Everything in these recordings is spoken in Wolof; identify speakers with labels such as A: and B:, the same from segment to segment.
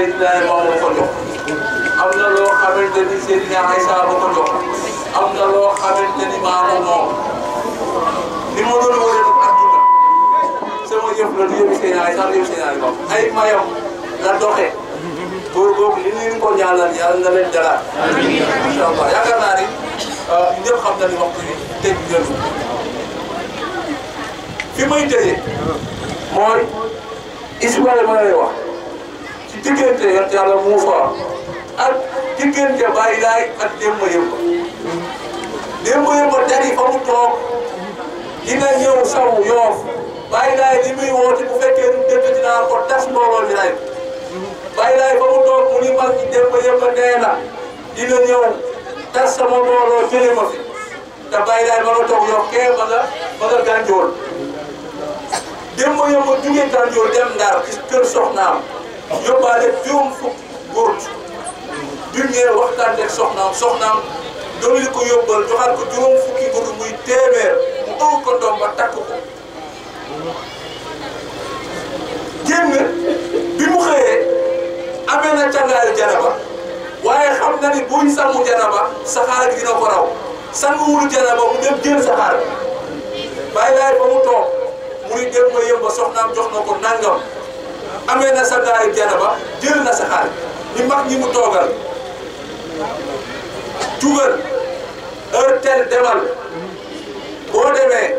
A: Seydina Limaamu moo ko jox am na loo xamante ni Seydina Aïssa moo ko jox am na loo xamante ni maanaam moom ni ma doon wëree nag àdduna sama yëf la du yëfu Seydina Aïssa du yëfu Seydina Limaamu ay mayam la doxee boobu boobu li ñu ko ñaanal yàlla na leen dalal. amiin incha allah yaakaar naa ni euh, ñëpp xam na ni waxtu bi teg njëriñ fi may tëjee mooy Ismaïla ma lay wax. diggante yonent yàlla Muusaa ak diggante Baay Laay ak Demba Yemba Demba Yemba dari fa mu toog dina ñëw saw Yoof Baay Laay li muy bu fekkee nu dëkk dinaa ko tas mbooloo mi lay Baay Laay fa mu toog mu ni mag Demba Yemba nee na dina ñëw tas sama mbooloo jëlee ma fi ma nga toog Yoof ma nga ma nga gànjool Yemba jugee gànjool dem Ndar ci kër yóbbaale juróom fukk góor bi mu waxtaan ak soxnaam soxnaam dolli ko yóbbal joxal ko juróom fukki góor muy téeméer mu ëw ko doom ba takk ko génn bi mu xëyee amee na cangaari janaba waaye xam nga ni buñ sangu janaba saxaar gi dina ko raw sanguwul janaba mu dem jël saxaar bàyyi laay ba mu toog mu ni dem ma yëmba soxnaam jox na ko nangam amee na sa daari janaba jël na sa xaalis ñi mag ñi mu toogal tugal heure telle demal boo demee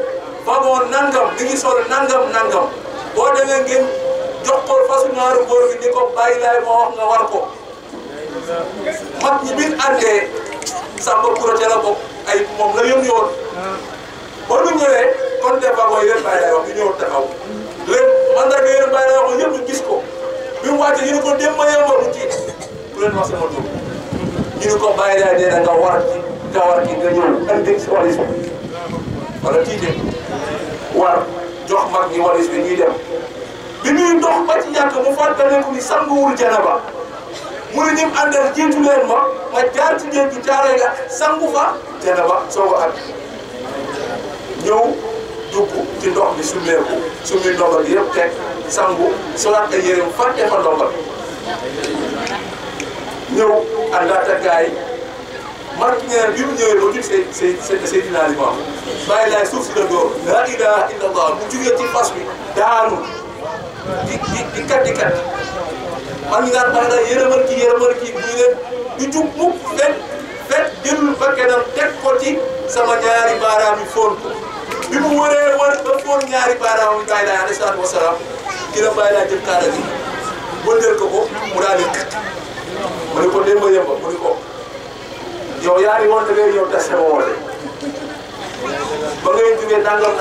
A: wagon nangam mi ngi sol nangam nangam boo demee ngeen jox ko fasu ñaaru góor gi ni ko bàyyi laay moo wax nga war ko mag ñi biñ àndee sàmba kura ca la bokk ay moom la yëm yoon ah. ba ñu ñëwee kon def wagon yi leen bàyyi laay wax ñu ñëw taxaw ne ñu ne ko démb yàlla moo ko jiite ku leen sama tur ñu ne ko bàyyi daal dee nga war nga war ki nga ñëw andi si walis bi wala tiite war jox mag ñi walis bi ñuy dem bi ñuy dox ba ci yàgg mu fàttaliku ni sanguwul janaba mu ne ñim àndal jiitu ma ma jaar ci géej gi sangu fa janaba soog a àgg ñëw dugg ci ndox bi summeeku summi ndogal bi yëpp teg. sangu solaat ay yéreem fàtte fa ndombal ñëw àndaat ak gars yi man ñeneen bi mu ñëwee ba jub say say dinaa li mu am bàyyi suuf si la door laa ilaaha illallah mu jugee ci fas bi yërëmal kii yërëmal kii bu ñu leen du jub mukk fekk fekk jëlul bakkanam teg ko ci sama ñaari baaraam yi bi mu wëree wër ba fóon ñaari baaraam yi bàyyi laay alayhi salaatu wasalaam kii la bàyyi laa kaara gi bëndeel ko ko mu daal di kat mu ne ko yow yaa ngi woon da ngay ñëw tas sama woote ba ngay jugee nangam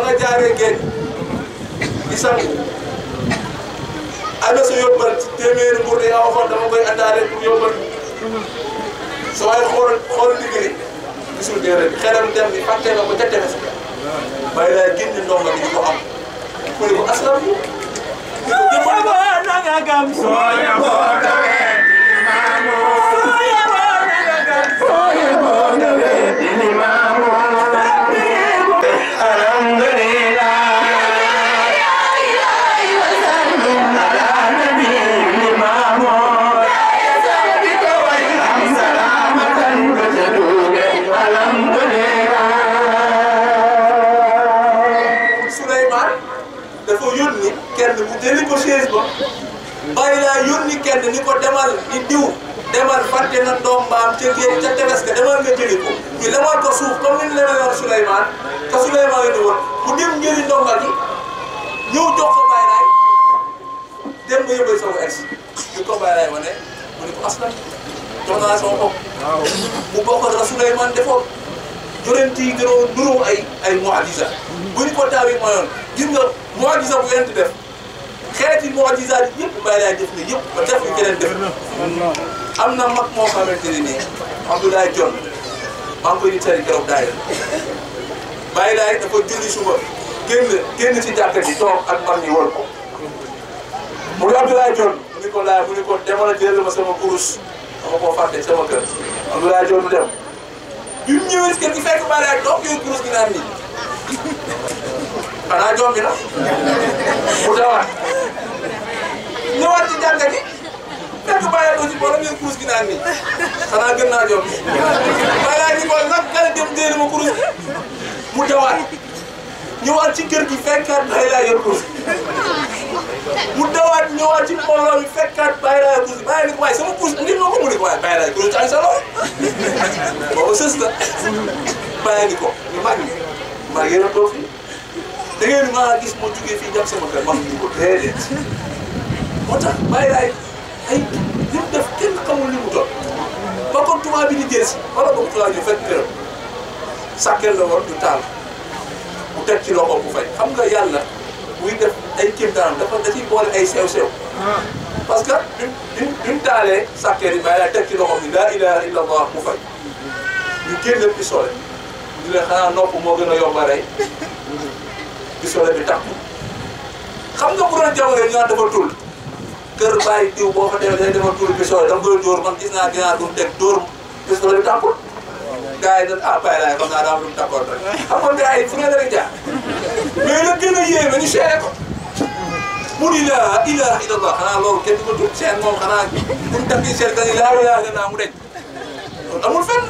A: nga jaaree géej di sangu ana su yóbbal téeméeri nguur da nga koy àndaale pour yóbbal sa waay xoolal xoolal liggéey gisul dee rek dem bi fàtte nga ko ca tefes bàyyi laa génn ndongo bi di ko am. kwe bo asori. Nwa agam, soalnya kenn mu jëli ko chaise ba bàyyi laa yónni kenn ni ko demal di diw demal fàtte na doom mbaam comme ni dem njëli ndonga gi ñëw jox ko bàyyi laay dem nga yóbbee sama ex ñu ko bàyyi laay mu ne ko aslan jox naa sama bopp mu bokk bu ñu ko taawee mayoon gis nga mu'jiza bu yonent def xeeti mujjizaat yëpp Baye Laye def na yëpp ba def ko keneen def am na mag moo xamante ne nii Abdoulaye John maa ngi koy di tari keroog daayira Baye Laye dafa julli suba génn génn ci jàkka ji toog ak mag ñi wër ko mu ne Abdoulaye John mu ni ko laay mu ni ko demal jël ma sama kurus dem bi mu ñëwee ci kër gi fekk Baye Laye kurus gi naan nii xanaa jombi na bu dawaat ñëwaat ci jàngat yi fekk bàyyi ko ci boole kurus gi naan nii xanaa gën naa jombi bàyyi ci boole nag gën a dem déedéet ma kurus mu dawaat ñëwaat ci kër ci mbooloo mi fekkaat bàyyi laa yor kurus bàyyi ni ko waaye sama kurus nit ñoo mu ne ko waaye bàyyi laa yor kurus ci ay sa lool boobu sës ko ñu mag ñi mag yéen a da ngeen maa gis ma jógee fii jàpp sama kër wax ñu ko déedéet moo tax bàyyi laay ay mu def kenn xamul mu doon ba kon tubaab bi di jël si ba ko tubaab ñu fekk ci loxo bu fay xam nga yàlla buy def ay kéemtaanam dafa da ciy boole ay parce que duñ duñ taalee sàkkeel bi bàyyi laay ci loxo bi laa ilaaha illa allah mu fay ñu génn pistolet ñu ne xanaa nopp moo gën a yomb rey. bi sole bi takku xam nga bu doon jamono ñu naan dafa tul kër bàyyi diw boo fa demee day dafa tul bi sole dama koy dóor man gis naa ginaar bu mu teg dóor bi sole bi takku gars yi dañ ah bàyyi laay xam naa daa am lu mu takkoon rek xam nga gars yi fu ngeen rek jaar mais la gën a yéeme ñu seere ko mu ni laa ilaha illallah xanaa loolu kenn du ko tudd seen moom xanaa buñ takki seen dañuy laa ilaha illallah mu deñ amul fenn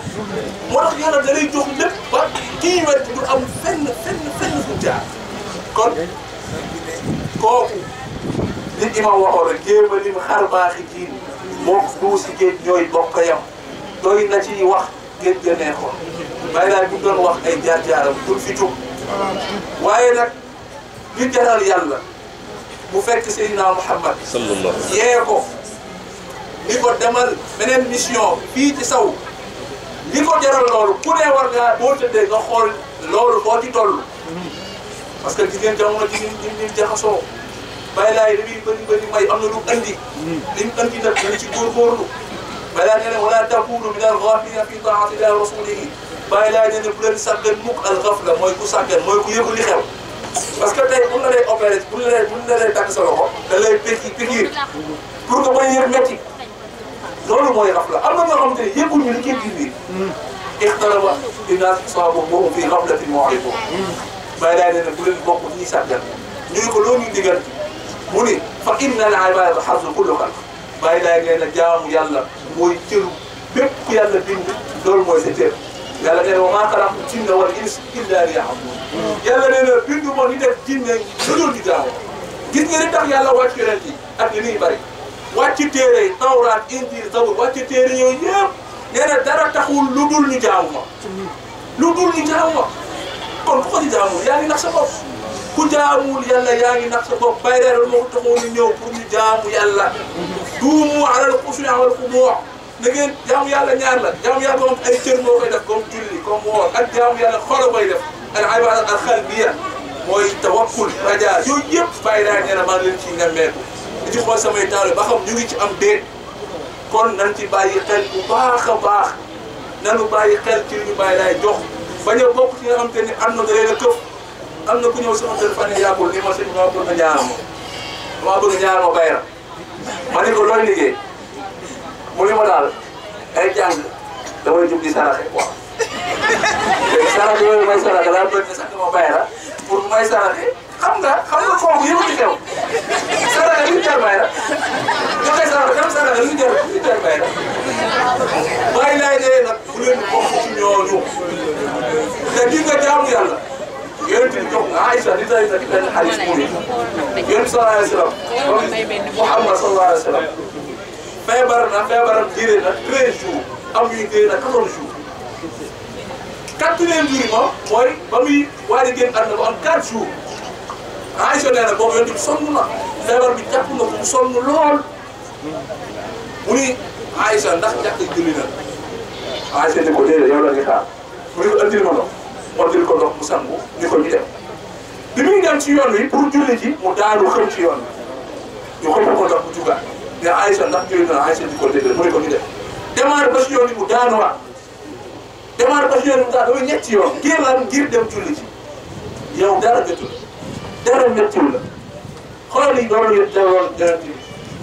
A: moo tax yàlla da lay jox lépp ba kii wet du am fenn fenn fenn fu jaar قل كوكو دي إما وقر جيب لي مخار باخي جين مقدوس جيد نوي بقيم توي نتي وقت جيد جنيخو بايدا يكون وقت أي جات يارم كل فيتو وايدك جيد جنال يالا مفك سيدنا محمد صلى الله عليه وسلم ييكو ليكو دمال منين ميسيون في تساو ليكو جرال لولو كوني ورغا بوتي دي نخول لولو بوتي تولو parce que jigéen jamono ñu ñu jaxasoo bay laay li bari bari may am na lu andi. li mu andi nag dañ ci góorgóorlu. bay laay nee na wala takuunu min al-gaafiliina fi taa'ati llaahi wa rasuulihi bàyyi laay nee na bu leen sàggan mukk al-gafla mooy ku sàggan mooy ku yëgul li xew. parce que tey bu ñu la lay opéré bu ñu la bu ñu la lay takk sa loxo da lay péki pikiir pour que bañ yëg métti loolu mooy gafla am na ñoo xam te ne yëguñu li ci biir bi. ixtalaba innaas asxaabahum wa hum fii gaflatin mu'riduun bàyyi daal ne bu leen bokk ñi sàggan ñu ne ko loo ñu digal mu ni fa innal ibaada xarsu kullu xalq bàyyi daal nee na jaamu yàlla mooy cëru bépp ku yàlla bind loolu mooy sa cër yàlla nee na wa maa xalaqtu jinna wal insa illa liya'buduun yàlla nee na bindu moo ñu def jinne lu dul di jaamu gis nga li tax yàlla wàcc yonent yi ak li muy bari wàcc téere yi tawraat injiil zabur wàcc téere yooyu yëpp nee na dara taxul lu dul ñu jaamu kon bu ko di jaamuwul yaa ngi nax sa bopp ku jaamuwul yàlla yaa ngi nax sa bopp bay reer moo ko taxoon ñu ñëw pour ñu jaamu yàlla duumu alal xusuu'i wal xuduu' na ngeen jaamu yàlla ñaar la jaamu yàlla moom ay cër moo koy def comme julli comme woor ak jaamu yàlla xolo koy def al ibaada al qalbiya mooy tawakkul raja yooyu yëpp bàyyi daa na maa ngi leen ciy nemmeeku di ci xool samay taal ba xam ñu ngi ci am déet kon nañ ci bàyyi xel bu baax a baax nanu bàyyi xel ci li bañ a bokk ci nga xam te ni am na da leen a këf am na ku ñëw sama kër fan yii yàggul ni ma sëñ ma bëgg a ñaanal ma ma bëgg a ñaanal ma bay na ma ne ko looy liggéey mu ne ma daal ay jàng damay jug di saraxe quoi léegi saraxe yooyu may saraxe daal bëgg na sax ma bay na pour may saraxe. xam nga xam nga foofu yëngu ci teew sadaka li ñu jar bay la joxe sadaka dem sadaka li ñu jar li ñu jar bay la bàyyi laay dee nag bu leen bokk ci ñooñu te di nga jaamu yàlla yonent bi jox nga Aïcha di tari sa ci benn xaalis mu ne yonent bi sallallahu alayhi wa sallam Muhammad sallallahu alayhi wa sallam feebar na feebaram diire na 13 jours am ñuy dee na 14 jours quatrième jour yi moom mooy ba muy waaj a génn ànd ba am 4 jours Aysa nee na boobu yonent bi sonn na feebar bi jàpp na ko sonn lool mu ni Aysa ndax jàkk julli na Aysa ni ko déedéet yow la ñuy xaar mu ni ko andil ma ndox andil ko ndox mu sangu ni ko ñu dem bi muy dem ci yoon wi pour julli ji mu daanu xëm ci yoon bi ñu xëpp ko ndox mu jugaat mais Aysa ndax julli na Aysa ni ko déedéet mu ne ko ñu dem demaar ba ci yoon yi mu daanuwaat demaar ba ci yoon yi mu daanuwaat ñetti yoon ngir lan ngir dem julli ji yow dara jotul dara méttiwul la xoolal yi noonu ngeen teewoon dara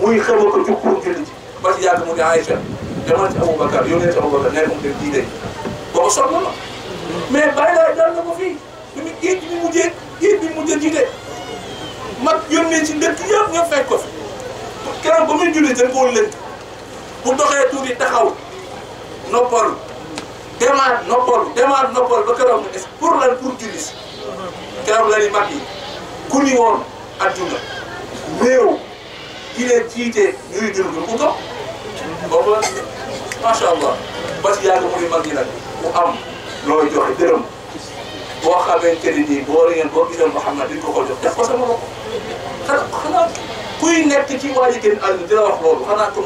A: muy xëy ko jug pour julli ci ba ci yàgg mu ne Aïcha demal ci Aboubacar yónnee ci Aboubacar nee ko mu def diine boobu soxla la mais bàyyi laay fii bi mu géej bi mag yónnee ci ndëkk yëpp nga fekk ko fi ba muy julli dañ koo lënt bu doxee tuuti taxaw noppalu demaat noppalu demaat deman ba keroog mu des pour lan pour julli si la ni mag yi ku ñu woon adduna réew ki leen jiite ñuy dund ku ko booba macha allah bas yàgg mu ngi mag ñi nag mu am looy joxe dërëm boo xamante ni nii boo rëyoon boo gisoon Mouhamad di ko ko jox def ko sama bopp xanaa xanaa nekk ci waa ji gën àll di la wax loolu xanaa kon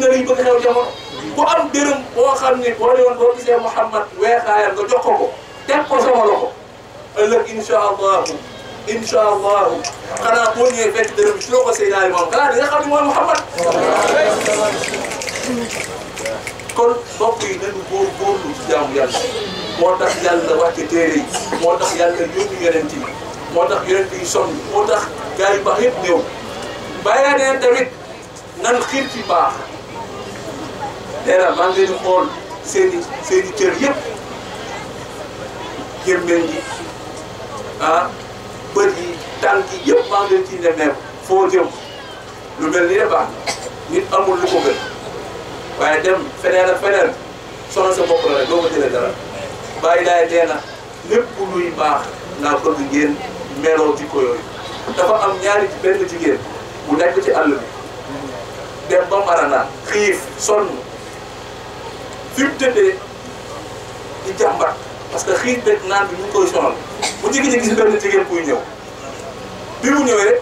A: na li bëgg xew jamono. ku am dërëm boo xam ni boo rëyoon boo gisee Mouhamad weexaayam nga jox ko ko teg ko sama ëllëg incha allahu incha allahu xanaa boo ñëwee fekk dërëm bi su la ko séddaale moom xanaa di nga xam ne mooy Mouhamad. kon mbokk yi nañu góorgóorlu ci jaamu yàlla moo tax yàlla wàcce téere yi moo tax yàlla yónni yonent yi moo tax yonent yi sonn moo tax gars yu baax yëpp ñëw bàyyaa nee tamit nan xiir ci baax nee na maa ngi leen di xool seen i seen ah bët yi tànk yi yëpp maa ngi leen foo jëm lu mel ni de baax nit amul lu ko gën waaye dem feneen feneen soxna sa bopp la rek doo ko jëlee bàyyi laay nee na lépp luy baax naa bëgg ngeen meloo ci yooyu dafa am ñaari benn jigéen bu nekk ci àll bi dem ba marana xiif sonn fi mu tëddee di jàmbat parce que xiif beeg naan bi ñu koy sonal. mu jékki-jékki si benn jigéen kuy ñëw bi mu ñëwee rek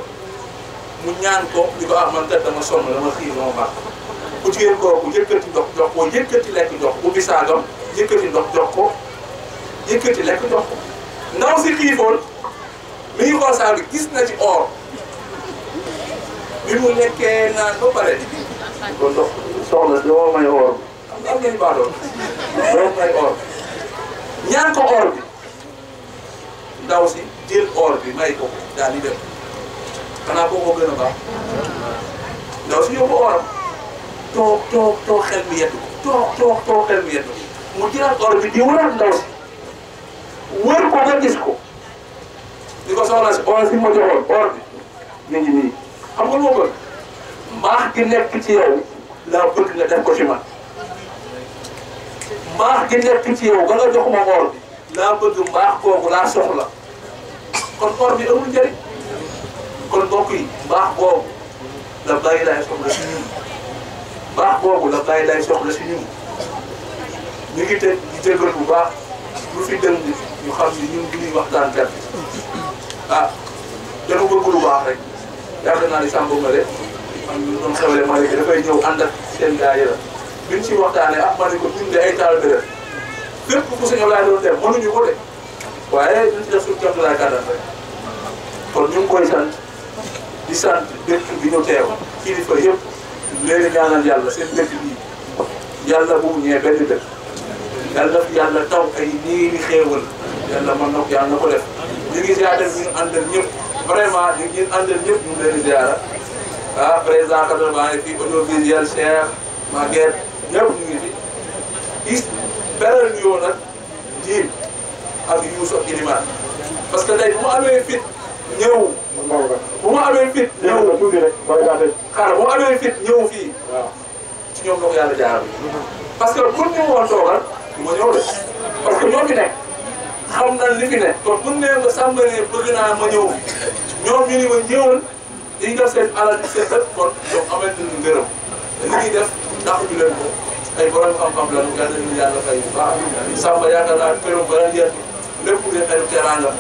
A: mu ñaan ko di ko ah man kat dama sonn dama xiir dama mar ku jigéen kooku yëkkati ndox jox ko yëkkati lekk jox ko ubbi saagam yëkkati ndox jox ko yëkkati lekk jox ko ndaw si xiifoon mi ngi xool saag bi gis na ci or bi mu lekkee naan ba pare kon ndox soxna doo may or am nañ baadoon doo may or ñaan ko or bi ndaw si jël or bi may ko daal di dem xanaa boo ko gën a baax ndaw si toog toog xel mi yettu toog toog xel mi yettu mu jëlaat or bi di wëraat ndaw si ko nga gis ko di ko soxla si or si mi ngi nii xam nga lu ma bëgg mbaax gi nekk ci yow laa bëgg nga def ko ci man mbaax gi nekk ci yow ba nga ma or bi laa bëgg mbaax kooku laa soxla kon koor bi amul jari kon mbokk yi baax boobu la bàyyi lay soxla la suñu baax boobu la bàyyi lay soxla si ñun ñu ngi te di jégal bu baax lu fi ni ñu xam ni ñun bu ñuy waxtaan kat ah dafa bëgg lu baax rek yàgg naa ni ma Mbale man ñu doon xewle Malika dafay ñëw ànd ak seen gaay la biñ ci waxtaanee ak ma ne ko ñun ay taal bi la ku suñu laay doon dem mënuñu ko de. waaye ñu def suñu kéem tolluwaay kàddan rek kon ñu ngi koy sant di sant dëkk bi ñu teew kilifa yëpp léegi ñaanal yàlla seen dëkk bii yàlla bu mu benn dëkk yàlla yàlla taw ay nii ni yàlla mën na yàlla ko def ñu ngi ziare ñu ngi àndal vraiment ñu ngi àndal ñëpp ñu di ziare ah président Kadal maa fi audiovisuel Cheikh Maguette ñëpp ngi fi gis beneen yoo nag jiim. ak Youssou ak Ilimane parce que tey bu ma amee fit ñëw. bu ma amee fit ñëw tuuti rek booy gàttal. xaaral bu ma amee fit ñëw fii. waaw ci ñoom la ko yàlla jaaral. parce que pour ñu woon toogal du ma ñëw de parce que ñoo fi nekk xam nañ li fi nekk. kon bu ñu nee ba sàmm ne bëgg naa ma ñëw ñoom ñu ni ma ñëwoon di def seen alal di seen bët kon ñoom amal nañu ngërëm li ñuy def ndax ñu leen ko ay borom xam-xam lañu yàlla nañu yàlla fay bu baax sàmm yaakaar naa keroog balaa njëriñ. lépp nga xew teraanga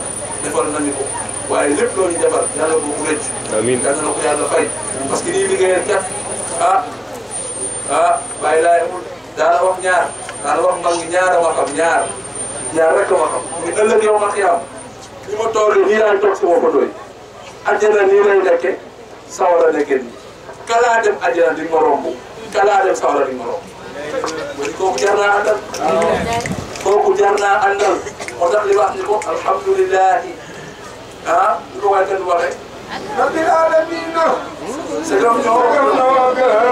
A: defal nañu ko waaye lépp loo ñu defal yàlla ko rëcc. amiin yàlla na ko yàlla fay. parce que kat ah ah bàyyi laa yemul daana wax ñaar daana wax mag ñaar a ma ñaar ñaar rek a ma xam. ñu yow ma xiyaam ni ma toogee lay sawara dem di ma romb kalaa dem sawara di ma romb. kooku jar naa àndal. kooku ودخل لوحدكم الحمد لله ها نقول رب العالمين سلام نوغا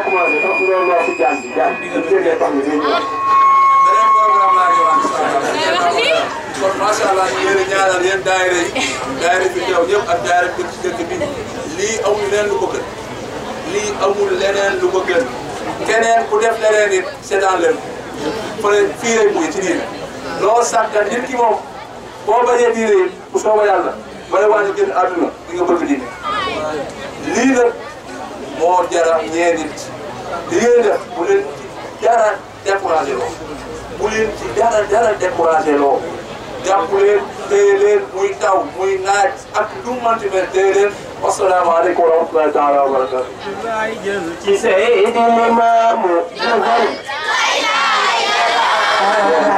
A: nga commencé sax nga loo si jaan bi jaan bi bu fekkee tax nga day ñëwaat. beneen programme laa ñu wax. kon macha allah ñu ngi leen ñaanal yéen daayira yi daayira bi teew ñëpp ak daayira bi ci dëkk bi lii amul leneen lu ko gën lii amul leneen lu ko gën keneen ku def leneen it seetaan leen fële fii lay muy ci diine loo sàggan nit ki moom boo bañee diine it bu sooba yàlla bala waa ñu génn àdduna di nga bëgg diine lii nag. moo jara ñee nit li ngeen def bu leen ci dara découragé loo bu leen ci dara dara découragé loo jàpp leen téye leen muy taw muy naaj ak lu mu mënti mel téye leen wasalaamaaleykum wa rahmatulahi taala wa barakatu ci Seydi